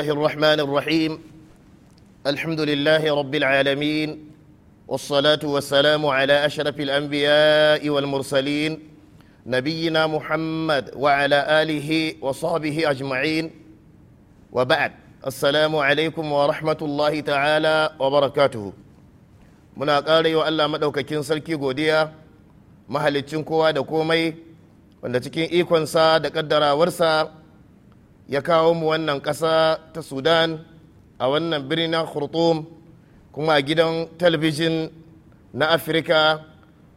الله الرحمن الرحيم الحمد لله رب العالمين والصلاة والسلام على أشرف الأنبياء والمرسلين نبينا محمد وعلى آله وصحبه أجمعين وبعد السلام عليكم ورحمة الله تعالى وبركاته muna ƙara yi wa Allah maɗaukakin sarki godiya mahalicin kowa da komai wanda cikin ikonsa da ƙaddarawarsa ya kawo mu wannan ƙasa ta sudan a wannan birnin khartoum kuma a gidan talabijin na afirka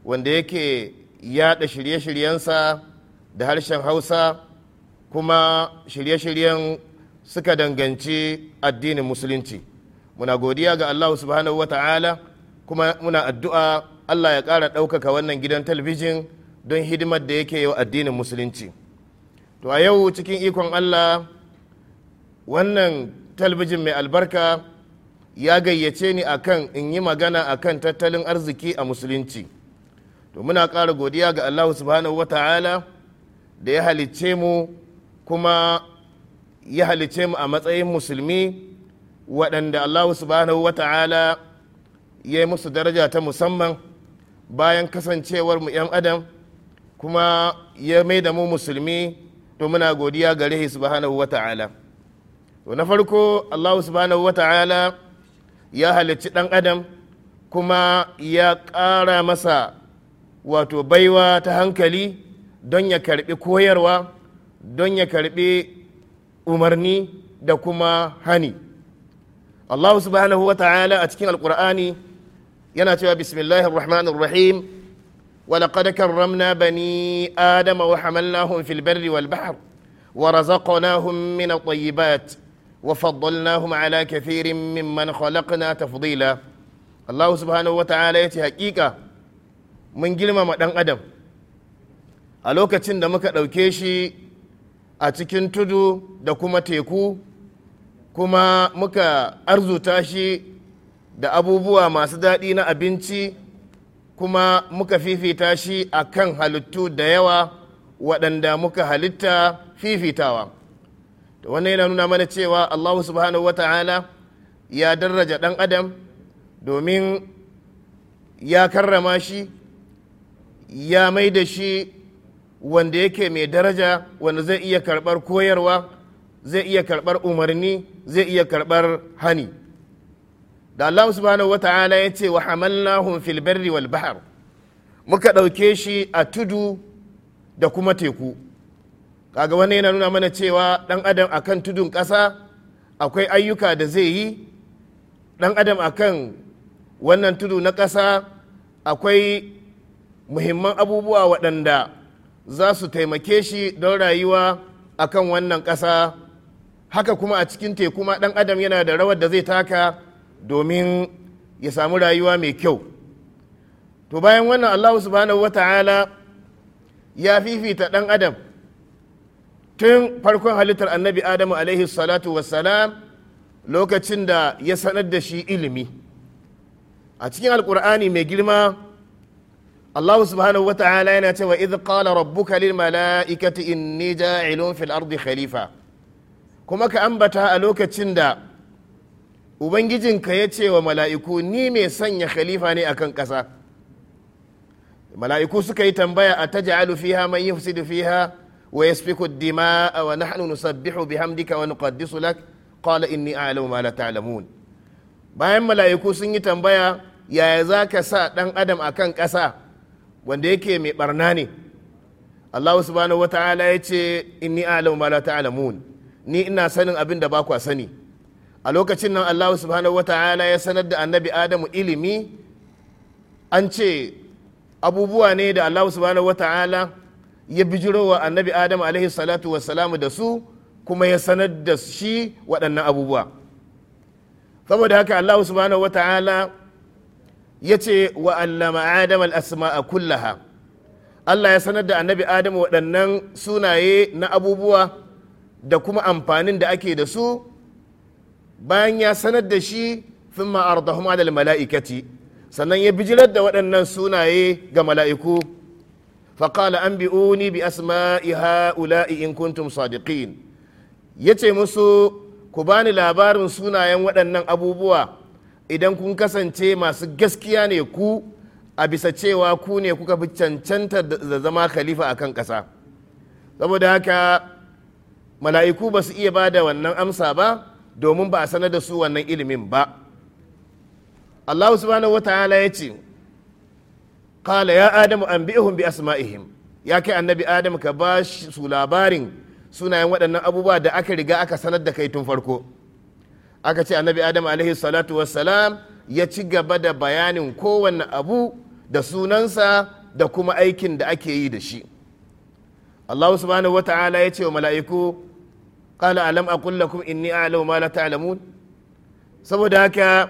wanda yake yada shirye-shiryensa da harshen hausa kuma shirye-shiryen suka danganci addinin musulunci muna godiya ga allahu subhanahu wata'ala kuma muna addu'a allah ya ƙara ɗaukaka wannan gidan talabijin don hidimar da yake yau addinin musulunci to a yau cikin ikon allah wannan talbijin mai albarka ya gayyace ni akan in yi magana akan tattalin arziki a musulunci to muna ƙara godiya ga allahu subhanahu wa ta'ala da ya halicce mu kuma ya halicce mu a matsayin musulmi waɗanda allahu subhanahu wa ta'ala ya yi musu daraja ta musamman bayan kasancewar mu 'yan adam kuma ya mai da mu musulmi to muna godiya gare shi subhanahu ta'ala to na farko Allah subhanahu ta'ala ya halicci dan adam kuma ya ƙara masa wato baiwa ta hankali don ya karbi koyarwa don ya karbi umarni da kuma hani Allah subhanahu ta'ala a cikin alkur'ani yana cewa bismillahir rahmanir rahim ولقد كرمنا بني آدم وحملناهم في البر والبحر ورزقناهم من الطيبات وفضلناهم على كثير ممن خلقنا تفضيلا الله سبحانه وتعالى يتي حقيقة من جلما مدن أدم ألوكة دمك دوكيشي أتكن تدو دكما تيكو كما مكا أرزو تاشي da abubuwa masu daɗi na abinci kuma muka fifita shi a kan halittu da yawa waɗanda muka halitta fifitawa to wannan yana nuna mana cewa allahu subhanahu wa ta'ala ya daraja ɗan adam domin ya karrama shi ya mai da shi wanda yake mai daraja wanda zai iya karɓar koyarwa zai iya karɓar umarni zai iya karɓar hani da Allah subhanahu wa ta'ala ya ce wa hamalnahum fil barri wal bahr muka dauke shi a tudu da kuma teku kaga wani yana nuna mana cewa dan adam akan tudun kasa akwai ayyuka da zai yi dan adam akan wannan tudu na kasa akwai muhimman abubuwa waɗanda za su taimake shi don rayuwa akan wannan ƙasa haka kuma a cikin teku ma ɗan adam yana da rawar da zai taka domin ya samu rayuwa mai kyau to bayan wannan allahu subhanahu wa ta'ala ya fifita ɗan adam tun farkon halittar annabi adamu alaihi salatu wassalam lokacin da ya sanar da shi ilimi a cikin alkur'ani mai girma allahu subhanahu wa ta'ala yana cewa idh qala rabbuka lil mala'ikati inni ja'ilun fil ardi khalifa kuma ka ambata a lokacin da ubangijinka ya ce wa mala'iku ni mai sanya khalifa ne akan ƙasa mala'iku suka yi tambaya a ta ja'alu mai yi yufsidu fiha wa yasfiku dima'a wa nusabbihu wa nuqaddisu lak qala inni a'lamu ma la ta'lamun bayan mala'iku sun yi tambaya yaya za ka sa ɗan adam akan ƙasa wanda yake mai barna ne allahu subhanahu wata'ala ya ce inni a'lamu ma la ta'lamun ni ina sanin abin da ba kwa sani a lokacin nan allahu subhanahu wa ta'ala ya sanar da annabi adamu ilimi an ce abubuwa ne da allahu subhanahu wa ta'ala ya bijiro wa annabi adamu alaihi salatu wassalamu da su kuma ya sanar da shi waɗannan abubuwa saboda haka allahu subhanahu wa ta'ala ya ce wa allama adam al a kullaha allah ya sanar da annabi adamu waɗannan sunaye na abubuwa da kuma amfanin da ake da su bayan ya sanar da shi sun ma'ardahum alal mala'ikati sannan ya bijirar da waɗannan sunaye ga mala'iku faƙala an bi uni bi asma'i ula'i in kuntum sadiqin ya ce musu ku bani labarin sunayen waɗannan abubuwa idan kun kasance masu gaskiya ne ku a bisa cewa ku ne kuka fi cancanta da zama khalifa a kan ƙasa saboda haka mala'iku ba su iya ba da wannan amsa ba domin ba a sanar da su wannan ilimin ba Allah subhanahu wa ta'ala ya ce qala ya adamu anbi'uhum bi asma'ihim ya kai annabi adam ka ba su labarin sunayen waɗannan abubuwa da aka riga aka sanar da kai tun farko aka ce annabi adam alaihi salatu wassalam ya ci gaba da bayanin kowanne abu da sunansa da kuma aikin da ake yi da shi Allah subhanahu wa ta'ala ya ce wa mala'iku qala alam a lakum inni a'lamu ma la ta'lamun saboda haka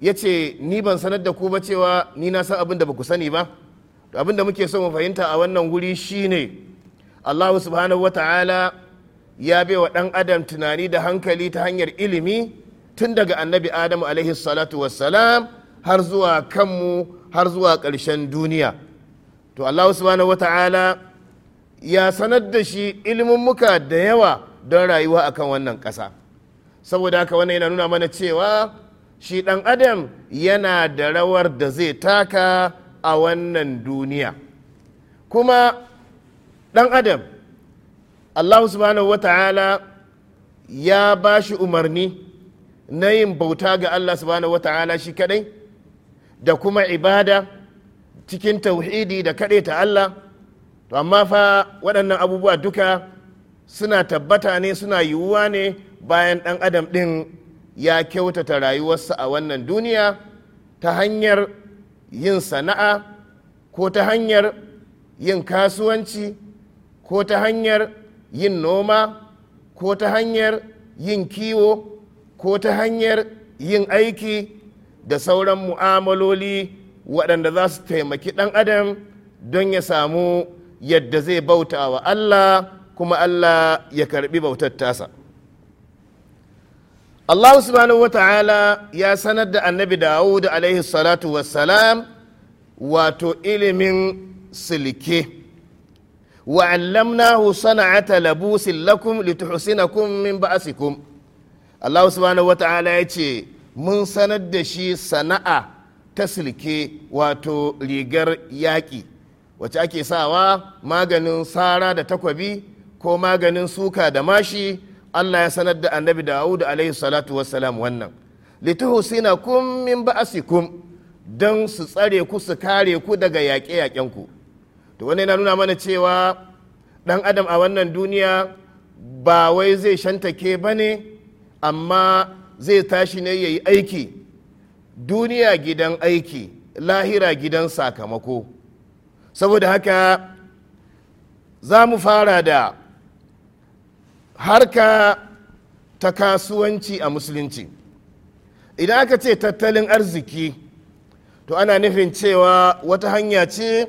yace ni ban sanar da ku ba cewa ni na san abin da ba ku sani ba to abin da muke so mu fahimta a wannan guri shine Allahu subhanahu wata'ala ya wa ɗan adam tunani da hankali ta hanyar ilimi tun daga annabi adamu alaihi salatu wassalam har zuwa kanmu har zuwa ƙarshen duniya to Allahu subhanahu wata'ala ya sanar da shi ilimin muka da yawa don rayuwa akan wannan ƙasa saboda haka wannan yana nuna mana cewa shi ɗan adam yana da rawar da zai taka a wannan duniya kuma ɗan adam allah subhanahu wata'ala ya ba shi umarni na yin bauta ga allah subhanahu wata'ala shi kadai da kuma ibada cikin tauhidi da kaɗe ta allah to amma fa waɗannan abubuwa duka suna tabbata ne suna yiwuwa ne bayan ɗan adam ɗin ya kyautata rayuwarsa a wannan duniya ta hanyar yin sana'a ko ta hanyar yin kasuwanci ko ta hanyar yin noma ko ta hanyar yin kiwo ko ta hanyar yin aiki da sauran mu'amaloli waɗanda za su taimaki ɗan adam don ya samu yadda zai bauta wa allah kuma Allah ya karbi bautar tasa Allah subhanahu wata'ala ya sanar da annabi Dawud alaihi salatu wassalam wato ilimin silke wa sana'ata labusin lakum min Allah subhanahu wata'ala ya ce mun sanar da shi sana'a ta silke wato rigar yaƙi wacce ake sawa maganin sara da takwabi ko maganin suka da mashi Allah ya sanar da annabi Dawud alaihi salatu wassalam wannan litahusina kum min ba'asikum don su tsare ku su kare ku daga yaƙe yaƙen ku to wannan yana nuna mana cewa ɗan adam a wannan duniya ba wai zai shantake ba ne amma zai tashi ne yayi aiki duniya gidan aiki lahira gidan sakamako saboda haka za mu fara da harka ta kasuwanci a musulunci idan aka ce tattalin arziki to ana nufin cewa wata hanya ce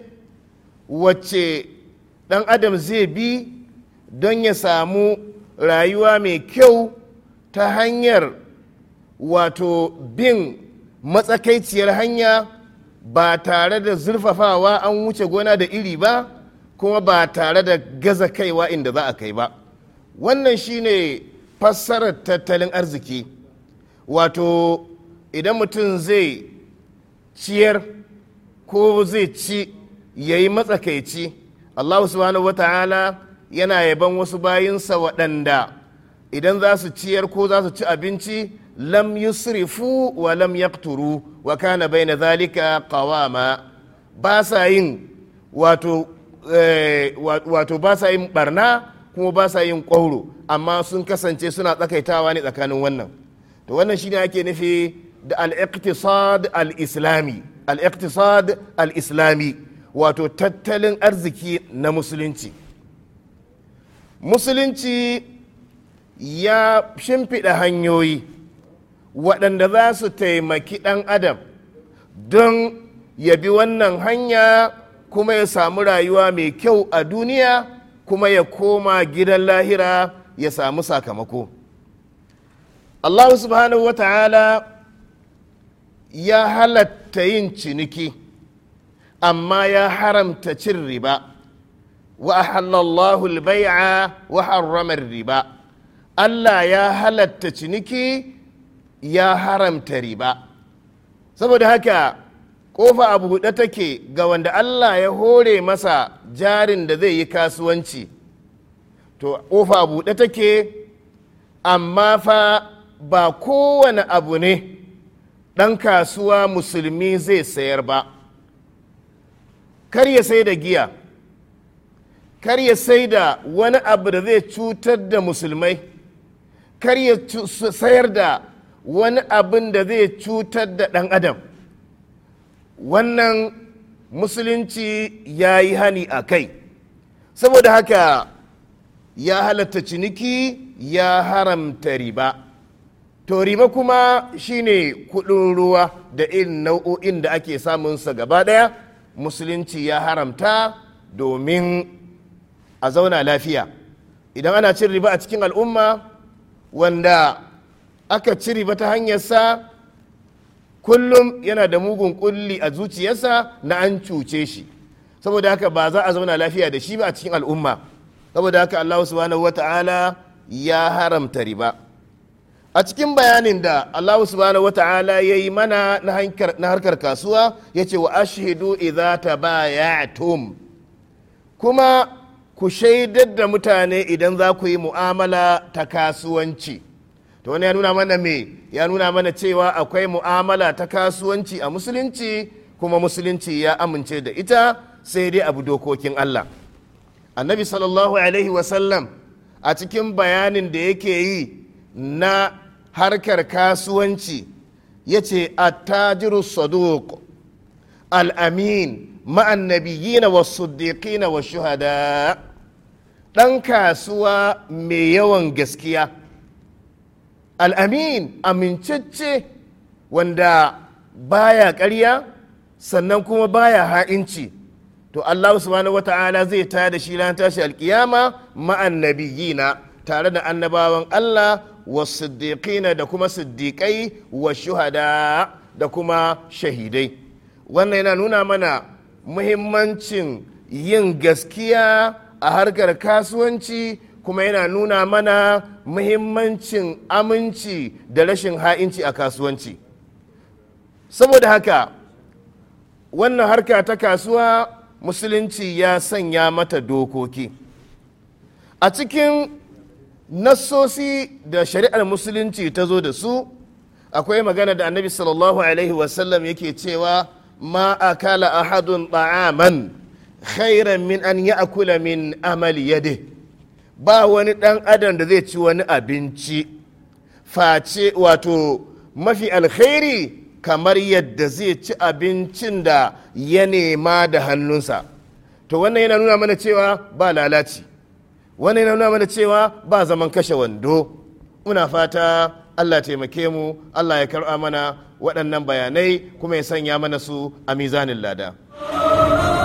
wacce dan adam zai bi don ya samu rayuwa mai kyau ta hanyar wato bin matsakaiciyar hanya ba tare da zurfafawa an wuce gona da iri ba kuma ba tare da gaza kaiwa inda za a kai ba wannan shine fassarar tattalin arziki wato idan mutum zai ciyar ko zai ci ya yi matsakaici allahu subhanahu wa ta'ala yana yaban wasu bayinsa waɗanda idan za su ciyar ko za su ci abinci lam yusrifu wa lam yaqturu wa kana baina zalika qawama ba sa yin wato eh, wato ba sa yin barna kuma ba sa yin ƙwauro amma sun kasance suna tsakaitawa ne tsakanin wannan to wannan shine ake nufi da al-iqtisad al-islami al-iqtisad al-islami wato tattalin arziki na musulunci musulunci ya shimfiɗa hanyoyi waɗanda za su taimaki ɗan adam don ya bi wannan hanya kuma ya samu rayuwa mai kyau a duniya kuma ya koma gidan lahira ya samu sakamako allahu subhanahu wa ta'ala ya halatta yin ciniki amma ya haramta cin riba wa ahallallahu al-bai'a wa harramar riba Allah ya halatta ciniki ya haramta riba saboda haka kofa a buɗe take ga wanda Allah ya hore masa jarin da zai yi kasuwanci to kofa a buɗe take amma fa ba kowane abu ne ɗan kasuwa musulmi zai sayar ba kar ya sai da giya kar ya sai da wani abu da zai cutar da musulmai kar ya sayar da wani abin da zai cutar da ɗan adam wannan musulunci ya yi hani a kai saboda haka ya halatta ciniki ya haramta riba to riba kuma shine kudin ruwa da irin nau'o'in da ake samunsa gaba daya musulunci ya haramta domin a zauna lafiya idan ana cin riba a cikin al'umma wanda aka ci riba ta hanyar sa. kullum yana da mugun kulli a zuciyarsa na an cuce shi saboda haka ba za a zauna lafiya da shi ba a cikin al'umma saboda haka Allah subhanahu wata'ala ya haramta riba a cikin bayanin da Allah subhanahu wata'ala ya yi mana na harkar kasuwa ya ce wa ashhidu idza tabayatum kuma ku shaidar da mutane idan za ku yi mu'amala ta kasuwanci to wani ya nuna mana me ya nuna mana cewa akwai mu'amala ta kasuwanci a musulunci kuma musulunci ya amince da ita sai dai abu dokokin Allah annabi sallallahu alaihi wasallam a cikin bayanin da yake yi na harkar kasuwanci ya ce attajiru saduq al'amin amin na wa suddiqina wa shuhada ɗan kasuwa mai yawan gaskiya al'amin amincacce wanda baya karya sannan kuma baya ha'inci to Allah subhanahu ta'ala zai ta da shi ran tashi alƙiyama ma'an tare da annabawan Allah wa siddiqina da kuma siddiƙai wa shuhada da kuma shahidai wannan yana nuna mana muhimmancin yin gaskiya a harkar kasuwanci kuma yana nuna mana muhimmancin aminci da rashin ha'inci a kasuwanci saboda haka wannan harka ta kasuwa musulunci ya sanya mata dokoki a cikin nassosi da shari'ar musulunci ta zo da su akwai magana da annabi sallallahu alaihi wasallam yake cewa ma akala ahadun ba'aman, khairan min an ya'kula min amali yadihi ba wani ɗan adam da zai ci wani abinci face wato mafi alkhairi kamar yadda zai ci abincin da ya nema da hannunsa to wannan yana nuna mana cewa ba lalaci wannan yana nuna mana cewa ba zaman kashe wando muna fata allah taimake mu allah ya karɓa mana waɗannan bayanai kuma ya sanya mana su a mizanin lada.